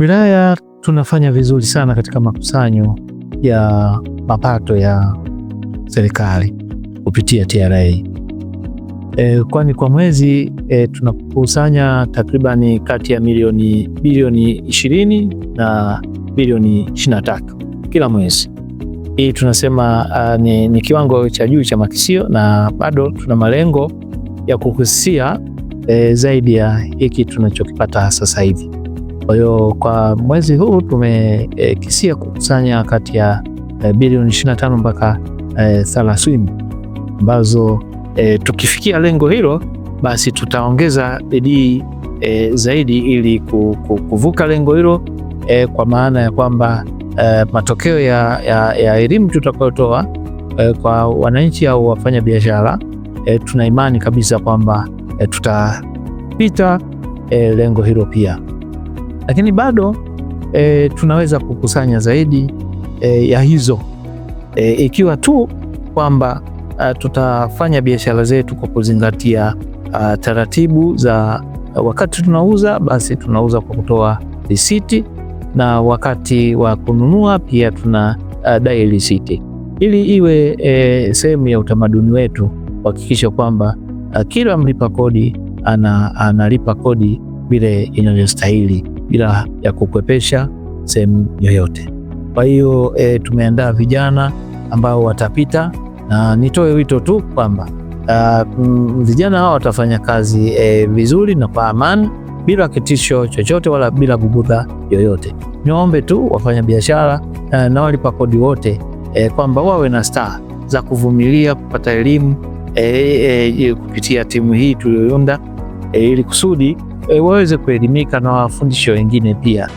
Wilaya tunafanya vizuri sana katika makusanyo ya mapato ya serikali kupitia TRA e, kwani kwa mwezi e, tunakusanya takribani kati ya milioni bilioni 20 na bilioni 23 kila mwezi. Hii tunasema a, ni, ni kiwango cha juu cha makisio na bado tuna malengo ya kukusia e, zaidi ya hiki tunachokipata sasa hivi. Kwa hiyo kwa mwezi huu tumekisia eh, kukusanya kati ya e, bilioni 25 mpaka e, eh, 30 ambazo e, tukifikia lengo hilo basi tutaongeza bidii e, zaidi ili kuvuka lengo hilo e, kwa maana ya kwamba e, matokeo ya, ya, ya elimu tutakayotoa e, kwa wananchi au wafanya biashara e, tuna imani kabisa kwamba e, tutapita e, lengo hilo pia lakini bado e, tunaweza kukusanya zaidi e, ya hizo e, ikiwa tu kwamba e, tutafanya biashara zetu kwa kuzingatia a, e, taratibu za wakati tunauza, basi tunauza kwa kutoa risiti na wakati wa kununua pia tuna e, dai risiti ili iwe e, sehemu ya utamaduni wetu kuhakikisha kwamba kila mlipa kodi ana, analipa kodi vile inavyostahili bila ya kukwepesha sehemu yoyote. Kwa hiyo e, tumeandaa vijana ambao watapita, na nitoe wito tu kwamba mm, vijana hao watafanya kazi e, vizuri na kwa amani bila kitisho chochote wala bila bugudha yoyote. Niwaombe tu wafanya biashara e, na walipa kodi wote e, kwamba wawe na staa za kuvumilia kupata elimu e, e, kupitia timu hii tuliyounda e, ili kusudi e, waweze kuelimika na wafundishi wengine pia.